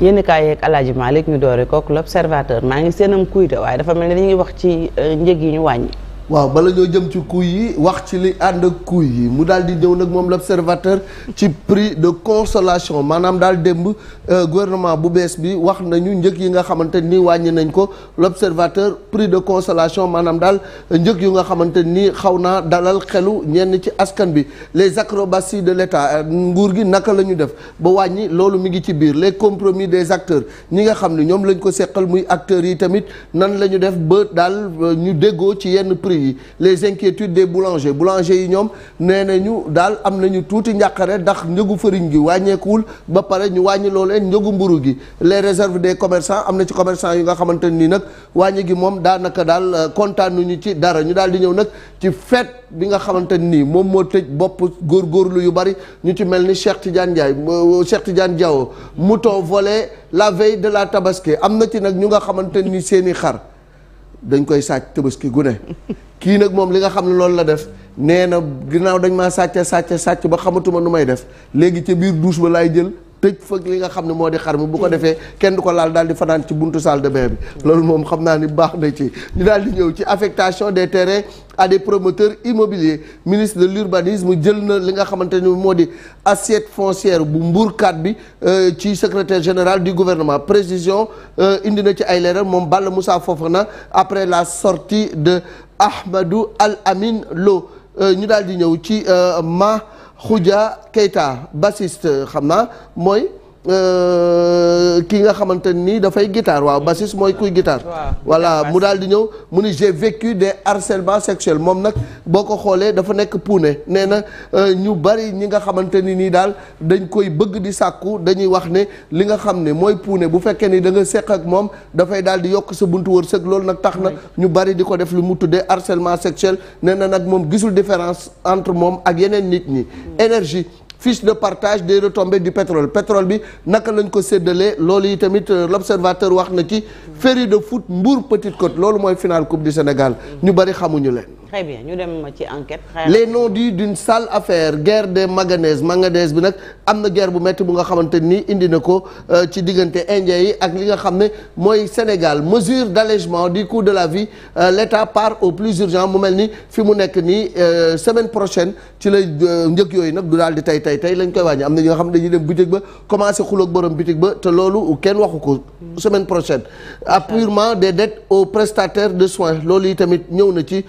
yéen kaay yeeg El Hadj Malick ñu doore kook l'observateur maa ngi seenam kuy de waaye dafa mel ni dañuy wax ci euh, njëg yi ñu wàññi. waaw bala ñoo jëm ci kuy yi wax ci li ànd ak kuy yi mu daal di ñëw nag moom l'observateur ci prix de consolation maanaam daal démb euh, gouvernement bu bees bi wax nañu njëg yi nga xamante ni wàññi nañ ko l'observateur prix de consolation maanaam daal njëg yu nga xamante ni xaw naa dalal xelu ñenn ci askan bi les acrobaties de l'État euh, nguur gi naka la ñu def ba wàññi loolu mu ngi ci biir les compromis des acteurs ñi nga xam ne ñoom lañ ko seqal muy acteurs yi tamit nan la ñu def ba daal euh, ñu déggoo ci yenn prix yi les inquiétudes des boulangers boulanger yi ñoom nee nañu daal am nañu tuuti njàqare ndax njëgu fëriñ gi wàññeekuwul ba pare ñu wàññi loolu njëgu mburu gi les réserves des commercant am na ci commercant yi nga xamante nii nag wàññi gi moom daanaka daal kontaan euh, kontaanuñu ci dara ñu daal di ñëw nag ci fête bi nga xamante ni moom moo tëj bopp góorlu yu bari ñu ci mel ni Cheikh Tidiane Ndiaye euh, euh, Cheikh Tidiane Diawo mouton volé la veille de la tabaski am ci nag ñu nga xamante seeni xar dañ koy sàcc tabaski gune kii nag moom li nga xam ne loolu la def nee na ginnaaw dañ ma sàcce sàcce sàcc ba xamatuma nu may def léegi ca biir douche ba laay jël tëj fëg li nga xam ne moo di xar mi bu ko defee kenn du ko laal daal di fanaan ci buntu salle de bain bi loolu moom xam naa ni baax na ci ñu daal di ñëw ci affectation des terrains à des promoteurs immobiliers ministre de l'urbanisme jël na li nga xamante ni moo di assiette foncière bu mbuurkat bi euh, ci secretaire général du gouvernement présision euh, indi na ci ay leeral moom Balla Moussa Fofana après la sorti de Ahmadou Al Amin Lo euh, ñu daal di ñëw ci ma Khoudia Keita bassiste xam naa mooy Euh, ki nga xamante nii dafay guitare waaw bassiste mooy kuy guitare voilà mu daal di ñëw mu ni j'ai vécu de harcèlements sexuels moom nag boo ko xoolee dafa nekk puune nee na euh, ñu bari ñi nga xamante ni nii daal dañ koy bëgg di sàkku dañuy wax ne li nga xam ne mooy puune bu fekkee ni da nga seq ak moom dafay daal di yokk sa buntu wërsëg loolu nag tax na ñu bari di ko def lu mu tuddee harcèlement sexuel nee na nag moom gisul différence entre moom ak yeneen nit ñi mm. énergie fiche de partage des retombées du pétrole pétrole bi naka lañ ko séddalee loolu yi tamit euh, l'observateur wax na ci. Ferry de foot Mbour Petite Côte loolu mooy finale coupe du Sénégal ñu bari xamuñu leen. très bien ñu dem ci enquête. les non-dits d'une sale affaire guerre de manganèse manganèse bi nag am na guerre bu métti bu nga xamante ni indi na ko euh, ci diggante indien yi ak li nga xam ne mooy Sénégal mesure d'allègement du coût de la vie euh, l'État part au plus urgent mu mel ni fi mu nekk nii euh, semaine prochaine ci la njëg yooyu nag du daal di tey tey tey lañ koy wàññi am na ñi nga xam ne dañuy dem boutique ba commencé xuloog borom boutique ba te loolu kenn waxu ko semaine prochaine. apurement des dettes aux prestataires de soins loolu tamit ñëw na ci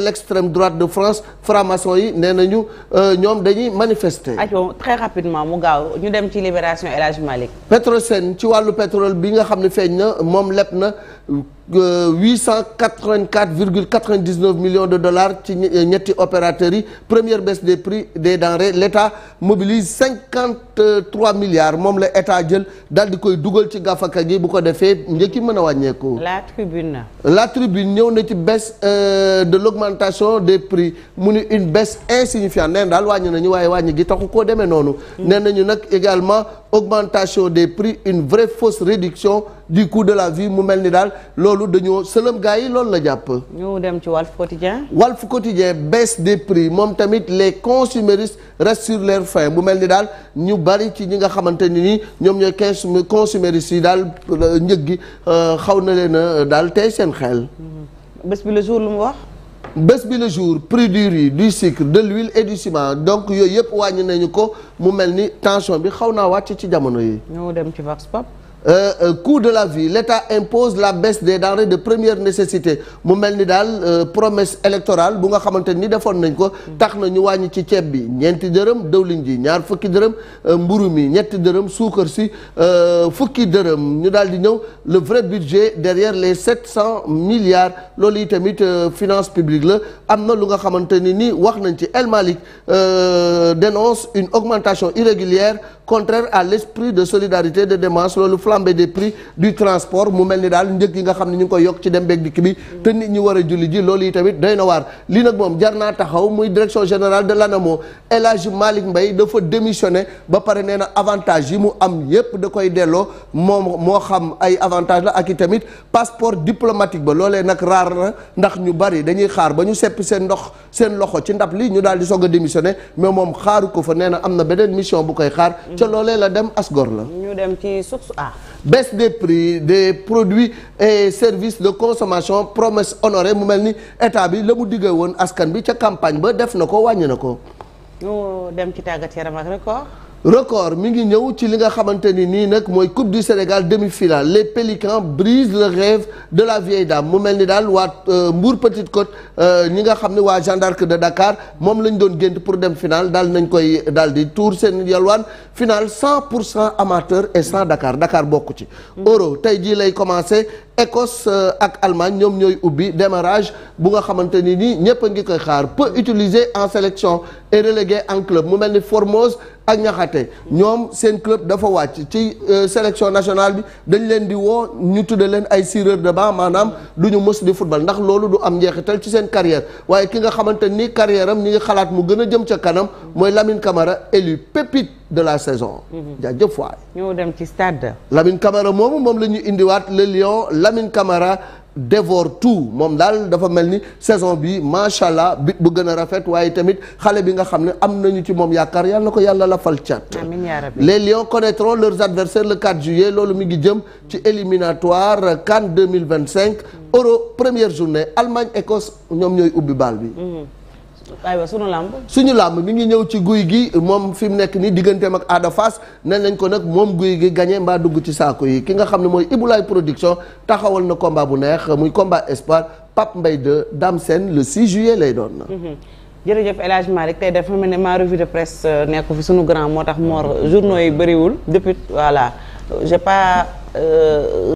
contre l'extrême droite de France franc yi nee nañu euh, ñoom dañuy manifester. aywa très rapidement mu gaaw ñu dem ci libération El Hadj Malick. Petrosen ci wàllu pétrole bi nga xam ne feeñ na moom leb na. huit cent quatre vingt quatre virgule quatre vingt dix neuf millions de dollars ci euh, ñetti opérateurs yi première baisse des prix des denrées l' état mobilise cinquante trois milliards moom la état jël daal di koy dugal ci gafaka gi bu ko defee njëkki mën a wàññeeku. la tribune la tribune ñëw na ci baisse euh, de l' augmentation des prix mu ni une baisse insignifiante neen daal wàññi nañu waaye wàññi gi taxu koo demee noonu. Mm. nee nañu nag également augmentation des prix une vraie fausse réduction. du coût de la vie mu mel ni daal loolu dañoo sëlëm gars yi loolu la jàpp. ñu dem ci Walf Quotidien. Walf Quotidien baisse des prix moom tamit les consuméristes restent sur leur faim mu mel ni daal ñu bari ci ñi nga xamante ni nii ñoom ñooy quinze consuméristes yi daal euh, njëg gi euh, xaw na leen euh, daal tey seen xel. Mm-hmm. bés bi le jour lu mu wax. bés bi le jour prix du riz du sucre de l'huile et du ciment donc yooyu yëpp wàññi nañu ko mu mel ni tension bi xaw naa wàcc ci jamono yi. ñoo dem ci Vox Pop. Euh, euh, de la vie l'État impose la baisse des denrées de première nécessité mu mel ni daal euh, promesse électorale bu nga xamante ni defoon nañ ko tax nañu wàññi ci ceeb bi ñeenti dërëm dëwlin ji ñaar fukki dërëm euh, mburu mi ñetti dërëm suukar si euh, fukki dërëm ñu daal di ñëw le vrai budget derrière les sept cent milliards loolu yi tamit euh, finance publique la am na lu nga xamante ni nii wax nañ ci El Malick dénonce une augmentation irrégulière contraire à l'esprit de solidarité de dépenses flambée des prix du transport mu mel ni daal njëg yi nga xam ne ñu ngi koy yokk ci dem beeg dikk bi te nit ñi war a julli ji loolu yi tamit doy na waar lii nag moom jar naa taxaw muy direction générale de l'ANAMO El Hadj Malick Mbaye dafa démissionné ba pare nee na avantage yi mu am yépp da koy delloo moom moo xam ay avantage la ak i tamit passeport diplomatique ba loolee nag raar na ndax ñu bari dañuy xaar ba ñu sepp seen ndox seen loxo ci ndab li ñu daal di soog démissionne mais moom xaaru ko fa nee na am na beneen mission bu koy xaar ca loolee la dem asgor la baisse des prix des produits et services de consommation promesse honorée mu mel ni état bi la mu diggee woon askan bi ca campagne ba def na ko wàññi na ko. ñu dem ci tàggat yaram ak record. record mi ngi ñëw ci li nga xamante ni nii nag mooy coupe du Sénégal demi-finale les Pélicans brisent le rêve de la vieille dame mu mel ni daal waa euh, Mbour Petite Côte euh, ñi nga xam ne waa Jeanne de Dakar moom lañ doon gént pour dem finale daal nañ koy daal di tour seen yalwaan finale 100 pour cent amateur et sans Dakar Dakar bokku ci. euro tey jii lay commencer Écosse euh, ak Allemagne ñoom ñooy ubbi démarrage bu nga xamante ni nii ñëpp a ngi koy xaar peu utiliser en sélection et relégué mu mel ni Formose. ak ñaxate ñoom seen club dafa wàcc ci euh, selection nationale bi dañu leen di woo ñu tudde leen ay sireur de banc maanaam du ñu mës di football ndax loolu du am njeexital ci seen carrière waaye ki nga xamante ni carrière am ngi xalaat mu gën a jëm ca kanam mooy Lamine Camara élu pépite de la saison. Mhm. jaajëf waay. ñoo dem ci moomu moom la ñu indiwaat le lion Lamine Camara. dévore tout moom daal dafa mel ni saison bi macha allah bit bu gën a rafet waaye tamit xale bi nga xam ne am nañu ci moom yaakaar yàlla na ko yàlla la fal cat les lions connaîtront leurs adversaires le 4 juillet loolu mi ngi jëm ci éliminatoire CAN cinq euro première journée Allemagne Écosse ñoom ñooy ubbi baal bi mm-hmm. aywa sunu làmb suñu làmb mi ngi ñëw ci guy gi moom fi mu nekk nii digganteem ak Ada Fass nee ko nag moom guy gi gagné mbaa dugg ci saako yi ki nga xam ne mooy Ibulaay production taxawal na combat bu neex muy combat espoir Pape mbay 2 Dame Sène le 6 juillet lay doon. Mhm. jërëjëf El Hadj Malick tey dafa mel ne ma revue de presse euh, nekk fi sunu grand moo tax Mor mhm. journaux yi bëriwul depuis voilà j'ai pas. Euh,